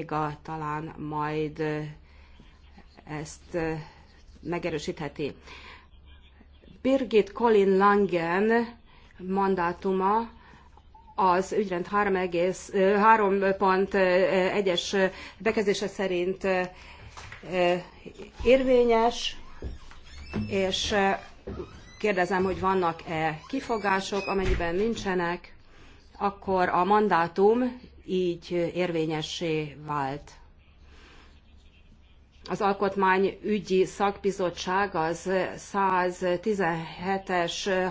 a, talán majd ezt megerősítheti. Birgit Colin Langen mandátuma az ügyrend 3.1-es bekezdése szerint érvényes, és kérdezem, hogy vannak-e kifogások, amennyiben nincsenek, akkor a mandátum így érvényessé vált. Az Alkotmányügyi Szakbizottság az 117-es